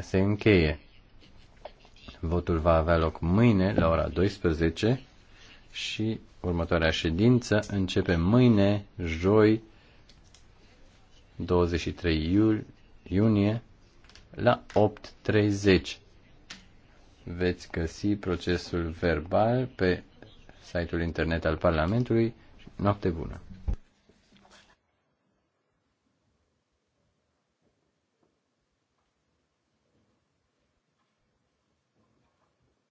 se încheie. Votul va avea loc mâine la ora 12 și următoarea ședință începe mâine, joi, 23 iul, iunie, la 8.30. Veți găsi procesul verbal pe site-ul internet al Parlamentului. Noapte bună!